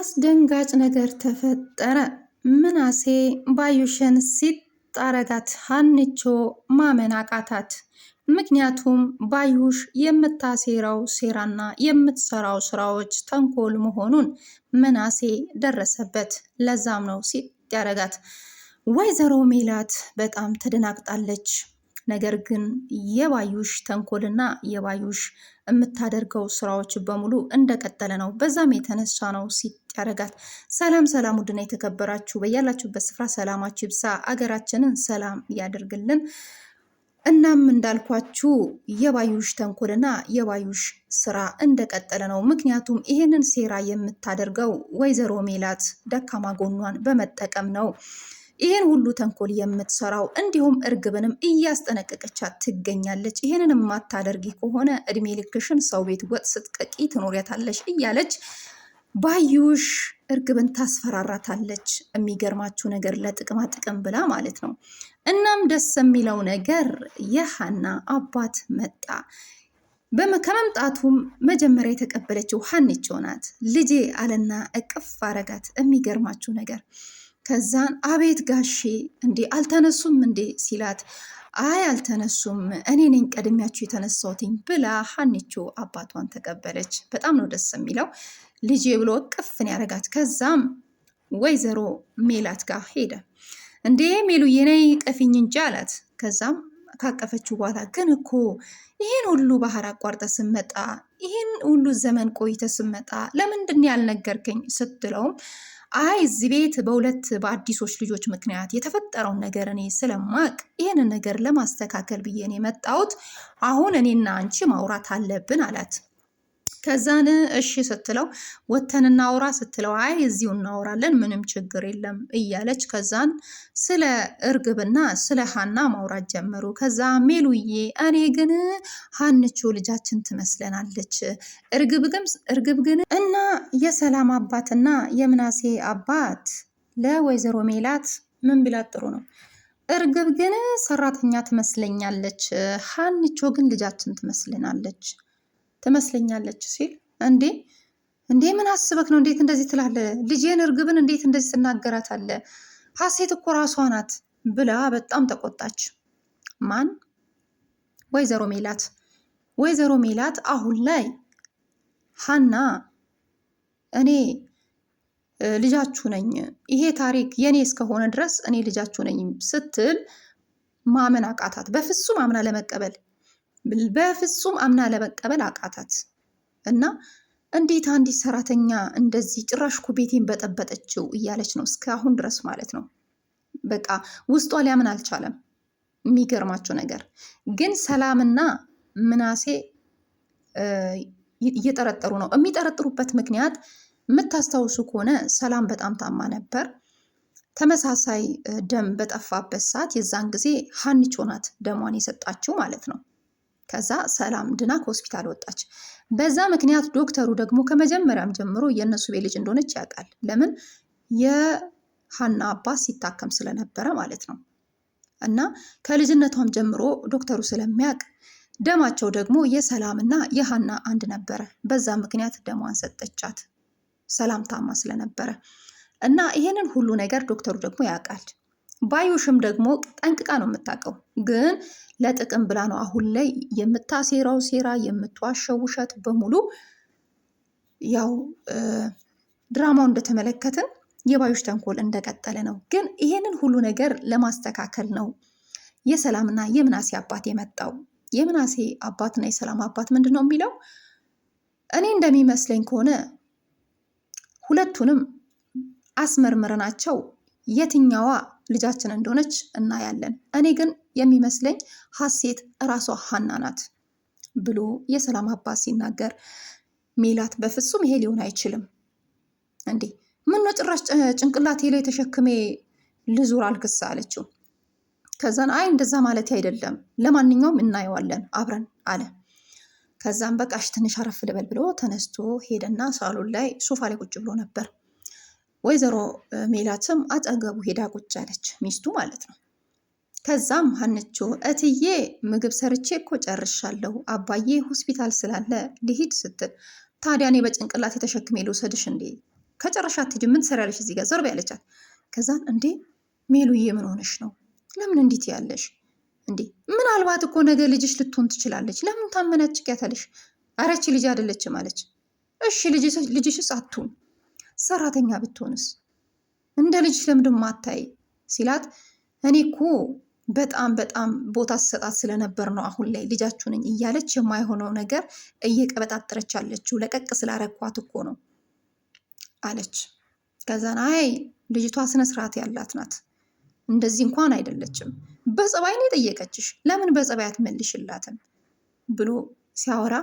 አስደንጋጭ ነገር ተፈጠረ። ምናሴ ባዩሽን ሲጥ አረጋት። ሀንቾ ማመን አቃታት። ምክንያቱም ባዩሽ የምታሴራው ሴራና የምትሰራው ስራዎች ተንኮል መሆኑን ምናሴ ደረሰበት። ለዛም ነው ሲጥ ያረጋት። ወይዘሮ ሜላት በጣም ተደናግጣለች። ነገር ግን የባዩሽ ተንኮልና የባዩሽ የምታደርገው ስራዎች በሙሉ እንደቀጠለ ነው። በዛም የተነሳ ነው ሲጥ ያደርጋት። ሰላም ሰላም፣ ውድና የተከበራችሁ በያላችሁበት ስፍራ ሰላማችሁ ይብዛ፣ አገራችንን ሰላም ያደርግልን። እናም እንዳልኳችሁ የባዩሽ ተንኮልና የባዩሽ ስራ እንደቀጠለ ነው። ምክንያቱም ይሄንን ሴራ የምታደርገው ወይዘሮ ሜላት ደካማ ጎኗን በመጠቀም ነው። ይህን ሁሉ ተንኮል የምትሰራው እንዲሁም እርግብንም እያስጠነቀቀቻት ትገኛለች። ይህንን የማታደርጊ ከሆነ እድሜ ልክሽን ሰው ቤት ወጥ ስትቀቂ ትኖሪያታለሽ እያለች ባዩሽ እርግብን ታስፈራራታለች። የሚገርማችሁ ነገር ለጥቅማ ጥቅም ብላ ማለት ነው። እናም ደስ የሚለው ነገር የሀና አባት መጣ። ከመምጣቱም መጀመሪያ የተቀበለችው ሀንቾ ናት። ልጄ አለና እቅፍ አረጋት። የሚገርማችሁ ነገር ከዛን አቤት ጋሼ እንዴ አልተነሱም እንዴ ሲላት አይ አልተነሱም፣ እኔ ነኝ ቀድሚያችሁ የተነሳውትኝ ብላ ሀኒቾ አባቷን ተቀበለች። በጣም ነው ደስ የሚለው ልጄ ብሎ ቅፍን ያደረጋት። ከዛም ወይዘሮ ሜላት ጋር ሄደ። እንዴ ሜሉ የኔ ቀፊኝ እንጂ አላት። ከዛም ካቀፈችው በኋላ ግን እኮ ይህን ሁሉ ባህር አቋርጠ ስመጣ ይህን ሁሉ ዘመን ቆይተ ስመጣ ለምንድን ያልነገርከኝ ስትለውም አይ እዚህ ቤት በሁለት በአዲሶች ልጆች ምክንያት የተፈጠረውን ነገር እኔ ስለማቅ ይህንን ነገር ለማስተካከል ብዬን ነው የመጣሁት። አሁን እኔና አንቺ ማውራት አለብን አላት። ከዛን እሺ ስትለው ወተን እናውራ ስትለው አይ እዚሁ እናወራለን ምንም ችግር የለም እያለች ከዛን ስለ እርግብና ስለ ሀና ማውራት ጀመሩ። ከዛ ሜሉዬ እኔ ግን ሀንቹ ልጃችን ትመስለናለች፣ እርግብ ግን እና የሰላም አባትና የምናሴ አባት ለወይዘሮ ሜላት ምን ቢላት ጥሩ ነው? እርግብ ግን ሰራተኛ ትመስለኛለች፣ ሀንቾ ግን ልጃችን ትመስለናለች። ትመስለኛለች ሲል እንዴ እንዴ ምን አስበክ ነው እንዴት እንደዚህ ትላለ? ልጄን እርግብን እንዴት እንደዚህ ትናገራት አለ? ሀሴት እኮ ራሷ ናት ብላ በጣም ተቆጣች። ማን? ወይዘሮ ሜላት። ወይዘሮ ሜላት አሁን ላይ ሀና እኔ ልጃችሁ ነኝ፣ ይሄ ታሪክ የኔ እስከሆነ ድረስ እኔ ልጃችሁ ነኝ ስትል ማመን አቃታት። በፍጹም አምና ለመቀበል በፍጹም አምና ለመቀበል አቃታት እና እንዴት አንዲት ሰራተኛ እንደዚህ ጭራሽ እኮ ቤቴን በጠበጠችው እያለች ነው እስካሁን ድረስ ማለት ነው። በቃ ውስጧ ሊያምን አልቻለም። የሚገርማቸው ነገር ግን ሰላምና ምናሴ እየጠረጠሩ ነው። የሚጠረጥሩበት ምክንያት የምታስታውሱ ከሆነ ሰላም በጣም ታማ ነበር። ተመሳሳይ ደም በጠፋበት ሰዓት የዛን ጊዜ ሀንቾ ናት ደሟን የሰጣችው ማለት ነው። ከዛ ሰላም ድና ከሆስፒታል ወጣች። በዛ ምክንያት ዶክተሩ ደግሞ ከመጀመሪያም ጀምሮ የእነሱ ቤት ልጅ እንደሆነች ያውቃል። ለምን የሀና አባት ሲታከም ስለነበረ ማለት ነው። እና ከልጅነቷም ጀምሮ ዶክተሩ ስለሚያውቅ ደማቸው ደግሞ የሰላምና የሀና አንድ ነበረ። በዛ ምክንያት ደሟን ሰጠቻት ሰላም ታማ ስለነበረ እና ይሄንን ሁሉ ነገር ዶክተሩ ደግሞ ያውቃል። ባዩሽም ደግሞ ጠንቅቃ ነው የምታውቀው። ግን ለጥቅም ብላ ነው አሁን ላይ የምታሴራው ሴራ፣ የምትዋሸው ውሸት በሙሉ ያው ድራማው እንደተመለከትን የባዩሽ ተንኮል እንደቀጠለ ነው። ግን ይሄንን ሁሉ ነገር ለማስተካከል ነው የሰላምና የምናሴ አባት የመጣው። የምናሴ አባትና የሰላም አባት ምንድን ነው የሚለው? እኔ እንደሚመስለኝ ከሆነ ሁለቱንም አስመርምረናቸው የትኛዋ ልጃችን እንደሆነች እናያለን። እኔ ግን የሚመስለኝ ሀሴት እራሷ ሀና ናት ብሎ የሰላም አባት ሲናገር ሜላት በፍጹም ይሄ ሊሆን አይችልም እንዴ! ነው ጭራሽ ጭንቅላቴ ላይ ተሸክሜ ልዙር አልክስ አለችው። ከዛን አይ እንደዛ ማለት አይደለም፣ ለማንኛውም እናየዋለን አብረን አለ። ከዛም በቃሽ ትንሽ አረፍ ልበል ብሎ ተነስቶ ሄደና ሳሎን ላይ ሶፋ ላይ ቁጭ ብሎ ነበር። ወይዘሮ ሜላትም አጠገቡ ሄዳ ቁጭ አለች፣ ሚስቱ ማለት ነው። ከዛም ሀንቾ እትዬ ምግብ ሰርቼ እኮ ጨርሻለሁ፣ አባዬ ሆስፒታል ስላለ ልሂድ ስትል፣ ታዲያ እኔ በጭንቅላት የተሸክሜ ልውሰድሽ እንዴ? ከጨረሻ ትጅ ምን ትሰሪያለሽ እዚህ ጋር ዘርብ ያለቻት። አለቻት። ከዛም እንዴ ሜሉዬ ምን ሆነሽ ነው? ለምን እንዲት ያለሽ እንዴ? ምናልባት እኮ ነገ ልጅሽ ልትሆን ትችላለች። ለምን ታመናጭቅ ታመናጭቂያታለሽ? አረቺ ልጅ አይደለችም አለች። እሺ ልጅሽስ አትሁን ሰራተኛ ብትሆንስ እንደ ልጅ ለምድ ማታይ ሲላት እኔ እኮ በጣም በጣም ቦታ ስሰጣት ስለነበር ነው አሁን ላይ ልጃችሁ ነኝ እያለች የማይሆነው ነገር እየቀበጣጠረች ያለችው ለቀቅ ስላረኳት እኮ ነው አለች። ከዛን አይ ልጅቷ ስነስርዓት ያላት ናት፣ እንደዚህ እንኳን አይደለችም። በጸባይ ነው የጠየቀችሽ፣ ለምን በጸባይ አትመልሽላትም ብሎ ሲያወራ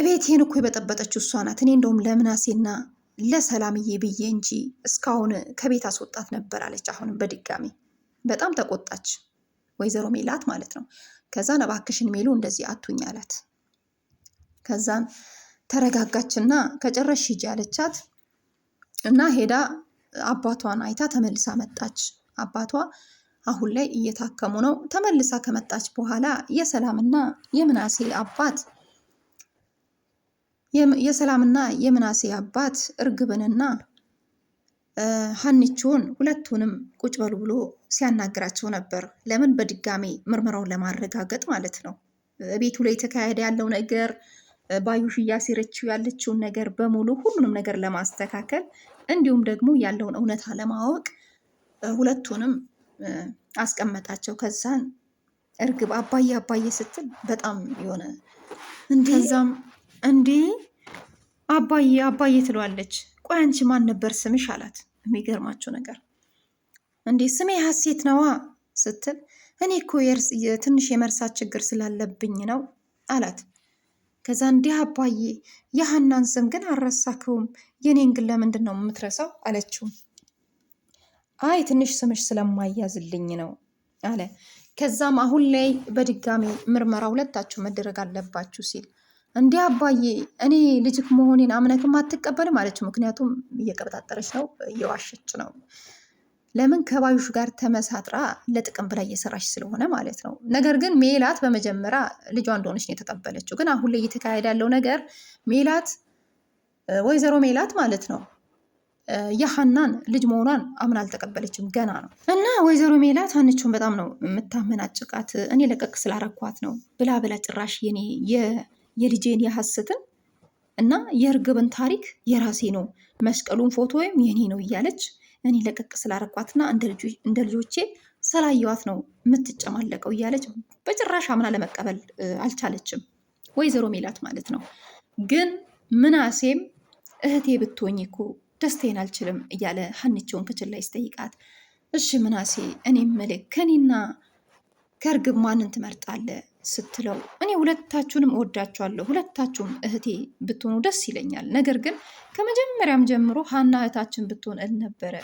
እቤቴን እኮ የበጠበጠችው እሷ ናት። እኔ እንደውም ለምናሴና ለሰላምዬ ብዬ እንጂ እስካሁን ከቤት አስወጣት ነበር አለች። አሁንም በድጋሚ በጣም ተቆጣች ወይዘሮ ሜላት ማለት ነው። ከዛን እባክሽን ሜሉ እንደዚህ አቱኝ አላት። ከዛን ተረጋጋችና ከጨረሽ ሂጂ አለቻት እና ሄዳ አባቷን አይታ ተመልሳ መጣች። አባቷ አሁን ላይ እየታከሙ ነው። ተመልሳ ከመጣች በኋላ የሰላምና የምናሴ አባት የሰላምና የምናሴ አባት እርግብንና ሀኒቾን ሁለቱንም ቁጭ በሉ ብሎ ሲያናግራቸው ነበር። ለምን በድጋሜ ምርመራውን ለማረጋገጥ ማለት ነው። ቤቱ ላይ የተካሄደ ያለው ነገር ባዩሽ እያሴረችው ያለችውን ነገር በሙሉ ሁሉንም ነገር ለማስተካከል እንዲሁም ደግሞ ያለውን እውነታ ለማወቅ ሁለቱንም አስቀመጣቸው። ከዛን እርግብ አባዬ አባዬ ስትል በጣም የሆነ እንዲዛም እንዴ አባዬ አባዬ ትለዋለች። ቆይ አንቺ ማን ነበር ስምሽ አላት። የሚገርማቸው ነገር እንዴ ስሜ ሀሴት ነዋ ስትል እኔ እኮ ትንሽ የመርሳት ችግር ስላለብኝ ነው አላት። ከዛ እንዲህ አባዬ የሀናን ስም ግን አልረሳክውም፣ የኔን ግን ለምንድን ነው የምትረሳው አለችው። አይ ትንሽ ስምሽ ስለማያዝልኝ ነው አለ። ከዛም አሁን ላይ በድጋሚ ምርመራ ሁለታችሁ መደረግ አለባችሁ ሲል እንዲህ አባዬ እኔ ልጅክ መሆኔን አምነክም አትቀበልም አለችው። ምክንያቱም እየቀበጣጠረች ነው፣ እየዋሸች ነው። ለምን ከባዩሽ ጋር ተመሳጥራ ለጥቅም ብላ እየሰራች ስለሆነ ማለት ነው። ነገር ግን ሜላት በመጀመሪያ ልጇ እንደሆነች ነው የተቀበለችው። ግን አሁን ላይ እየተካሄደ ያለው ነገር ሜላት ወይዘሮ ሜላት ማለት ነው የሀናን ልጅ መሆኗን አምና አልተቀበለችም፣ ገና ነው እና ወይዘሮ ሜላት አንችውን በጣም ነው የምታመናጭቃት። እኔ ለቀቅ ስላረኳት ነው ብላ ብላ ጭራሽ የኔ የልጄን የሐሰትን እና የእርግብን ታሪክ የራሴ ነው መስቀሉን ፎቶ ወይም የኔ ነው እያለች እኔ ለቀቅ ስላረኳትና እንደ ልጆቼ ስላየዋት ነው የምትጨማለቀው እያለች በጭራሽ አምና ለመቀበል አልቻለችም። ወይዘሮ ሜላት ማለት ነው። ግን ምናሴም እህቴ ብትሆኝ እኮ ደስታዬን አልችልም እያለ ሀንቸውን ክችል ላይ ስጠይቃት፣ እሺ ምናሴ እኔም ምልክ ከኔና ከእርግብ ማንን ትመርጣለህ? ስትለው እኔ ሁለታችሁንም እወዳችኋለሁ፣ ሁለታችሁም እህቴ ብትሆኑ ደስ ይለኛል። ነገር ግን ከመጀመሪያም ጀምሮ ሀና እህታችን ብትሆን እልነበረ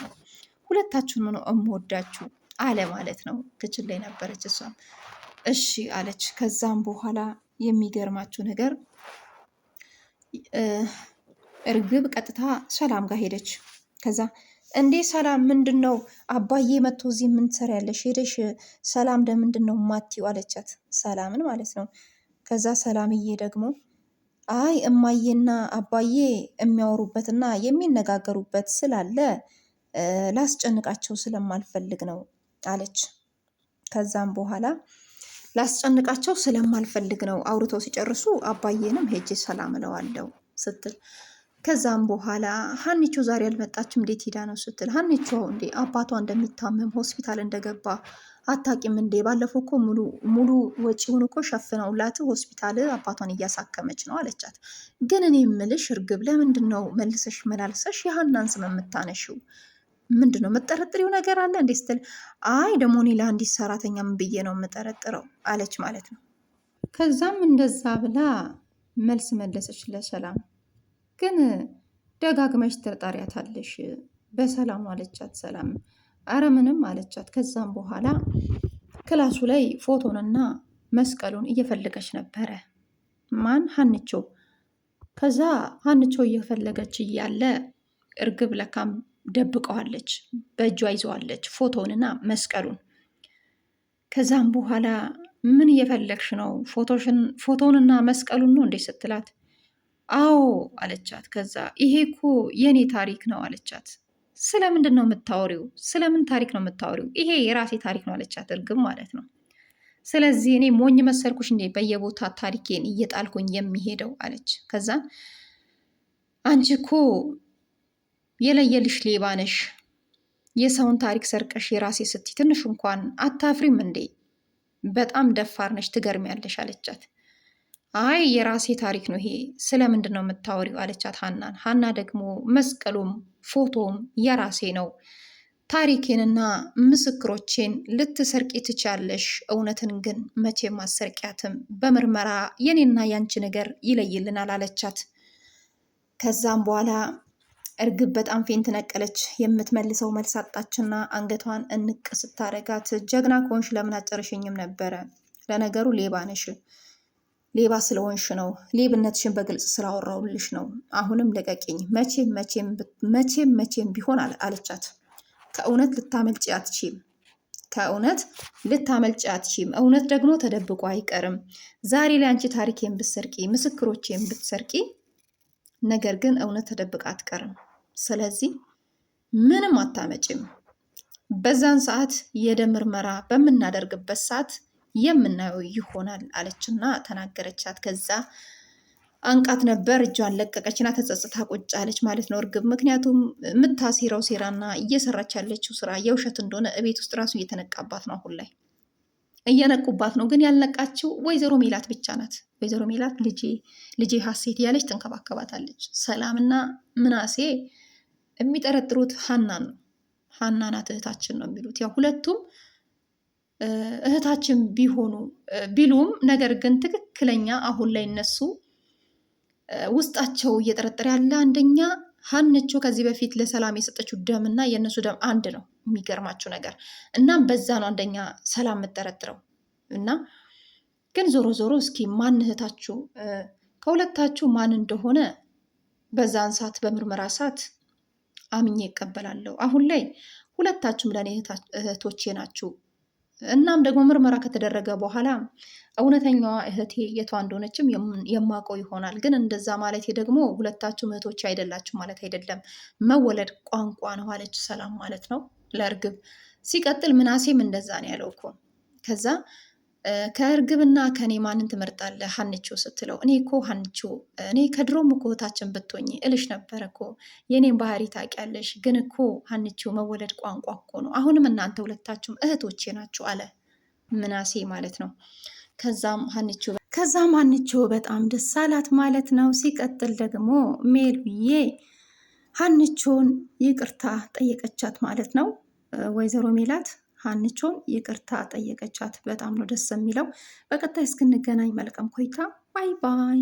ሁለታችሁንም ነው እምወዳችሁ አለ ማለት ነው። ክችል ላይ ነበረች እሷም እሺ አለች። ከዛም በኋላ የሚገርማችሁ ነገር እርግብ ቀጥታ ሰላም ጋር ሄደች። ከዛ እንዴ ሰላም ምንድን ነው አባዬ መጥቶ እዚህ ምን ትሰሪያለሽ? ሄደሽ ሰላም ለምንድን ነው ማትይው አለቻት። ሰላምን ማለት ነው። ከዛ ሰላምዬ ደግሞ አይ እማዬና አባዬ የሚያወሩበትና የሚነጋገሩበት ስላለ ላስጨንቃቸው ስለማልፈልግ ነው አለች። ከዛም በኋላ ላስጨንቃቸው ስለማልፈልግ ነው አውርተው ሲጨርሱ አባዬንም ሄጄ ሰላም እለዋለሁ ስትል ከዛም በኋላ ሀኒቾ ዛሬ አልመጣችም እንዴት ሄዳ ነው ስትል ሀኒቾ እንዴ አባቷ እንደሚታመም ሆስፒታል እንደገባ አታቂም እንዴ ባለፈው እኮ ሙሉ ወጪውን እኮ ሸፍነውላት ሆስፒታል አባቷን እያሳከመች ነው አለቻት። ግን እኔ የምልሽ እርግብ ለምንድን ነው መልሰሽ መላልሰሽ የሀናን ስም የምታነሺው? ምንድን ነው የምጠረጥሪው ነገር አለ እንዴ ስትል አይ ደግሞ እኔ ለአንዲት ሰራተኛም ብዬ ነው የምጠረጥረው አለች ማለት ነው። ከዛም እንደዛ ብላ መልስ መለሰች ለሰላም ግን ደጋግመሽ ትጠሪያታለሽ በሰላም አለቻት። ሰላም አረ ምንም አለቻት። ከዛም በኋላ ክላሱ ላይ ፎቶንና መስቀሉን እየፈለገች ነበረ። ማን ሀንቾ። ከዛ ሀንቾ እየፈለገች እያለ እርግብ ለካም ደብቀዋለች፣ በእጇ ይዘዋለች ፎቶንና መስቀሉን። ከዛም በኋላ ምን እየፈለግሽ ነው? ፎቶንና መስቀሉን ነው እንዴ ስትላት አዎ አለቻት። ከዛ ይሄ እኮ የኔ ታሪክ ነው አለቻት። ስለምንድን ነው የምታወሪው? ስለምን ታሪክ ነው የምታወሪው? ይሄ የራሴ ታሪክ ነው አለቻት። እርግም ማለት ነው። ስለዚህ እኔ ሞኝ መሰልኩሽ እንዴ በየቦታ ታሪኬን እየጣልኩኝ የሚሄደው አለች። ከዛ አንቺ እኮ የለየልሽ ሌባ ነሽ፣ የሰውን ታሪክ ሰርቀሽ የራሴ ስትይ ትንሽ እንኳን አታፍሪም እንዴ? በጣም ደፋር ነሽ፣ ትገርሚያለሽ አለቻት። አይ የራሴ ታሪክ ነው ይሄ፣ ስለምንድን ነው የምታወሪው? አለቻት ሀናን። ሀና ደግሞ መስቀሉም ፎቶም የራሴ ነው ታሪኬንና ምስክሮቼን ልትሰርቂ ትቻለሽ፣ እውነትን ግን መቼም አሰርቂያትም። በምርመራ የኔና ያንቺ ነገር ይለይልናል አለቻት። ከዛም በኋላ እርግብ በጣም ፌንት ነቀለች። የምትመልሰው መልስ አጣችና አንገቷን እንቅ ስታረጋት ጀግና ከሆንሽ ለምን አጨረሽኝም ነበረ? ለነገሩ ሌባ ነሽ ሌባ ስለሆንሽ ነው። ሌብነትሽን በግልጽ ስላወራውልሽ ነው። አሁንም ልቀቂኝ። መቼም መቼም መቼም ቢሆን አለቻት። ከእውነት ልታመልጭ አትችም። ከእውነት ልታመልጭ አትችም። እውነት ደግሞ ተደብቆ አይቀርም። ዛሬ ላይ አንቺ ታሪኬን ብትሰርቂ፣ ምስክሮቼን ብትሰርቂ፣ ነገር ግን እውነት ተደብቃ አትቀርም። ስለዚህ ምንም አታመጭም። በዛን ሰዓት የደም ምርመራ በምናደርግበት ሰዓት የምናየው ይሆናል አለችና ተናገረቻት። ከዛ አንቃት ነበር እጇን ለቀቀችና ተጸጽታ ቁጭ አለች ማለት ነው እርግብ። ምክንያቱም የምታሴራው ሴራና እየሰራች ያለችው ስራ የውሸት እንደሆነ እቤት ውስጥ ራሱ እየተነቃባት ነው። አሁን ላይ እየነቁባት ነው። ግን ያልነቃችው ወይዘሮ ሜላት ብቻ ናት። ወይዘሮ ሜላት ልጄ ልጄ ሀሴት እያለች ትንከባከባታለች። ሰላምና ምናሴ የሚጠረጥሩት ሀናን ነው። ሀና ናት እህታችን ነው የሚሉት ያው ሁለቱም እህታችን ቢሆኑ ቢሉም ነገር ግን ትክክለኛ አሁን ላይ እነሱ ውስጣቸው እየጠረጠረ ያለ አንደኛ ሀንቾ ከዚህ በፊት ለሰላም የሰጠችው ደም እና የእነሱ ደም አንድ ነው። የሚገርማችሁ ነገር እናም በዛ ነው አንደኛ ሰላም የምጠረጥረው እና ግን ዞሮ ዞሮ እስኪ ማን እህታችሁ ከሁለታችሁ ማን እንደሆነ በዛን ሰዓት በምርመራ ሰዓት አምኜ ይቀበላለሁ። አሁን ላይ ሁለታችሁም ለእኔ እህቶቼ ናችሁ እናም ደግሞ ምርመራ ከተደረገ በኋላ እውነተኛዋ እህቴ የቷ እንደሆነችም የማውቀው ይሆናል። ግን እንደዛ ማለት ደግሞ ሁለታችሁ እህቶች አይደላችሁ ማለት አይደለም፣ መወለድ ቋንቋ ነው አለች ሰላም ማለት ነው ለእርግብ። ሲቀጥል ምናሴም እንደዛ ነው ያለው እኮ ከዛ ከእርግብና ከእኔ ማንን ትመርጣለህ ሀንቾ ስትለው፣ እኔ እኮ ሀንቾ እኔ ከድሮም እኮ እህታችን ብትሆኝ እልሽ ነበረ እኮ የእኔም ባህሪ ታውቂያለሽ። ግን እኮ ሀንቾ መወለድ ቋንቋ እኮ ነው። አሁንም እናንተ ሁለታችሁም እህቶቼ ናችሁ አለ ምናሴ ማለት ነው። ከዛም ሀንቾ ከዛም ሀንቾ በጣም ደስ አላት ማለት ነው። ሲቀጥል ደግሞ ሜሉዬ ሀንቾን ይቅርታ ጠየቀቻት ማለት ነው። ወይዘሮ ሜላት ሀንቾን ይቅርታ ጠየቀቻት። በጣም ነው ደስ የሚለው። በቀጣይ እስክንገናኝ መልካም ቆይታ። ባይ ባይ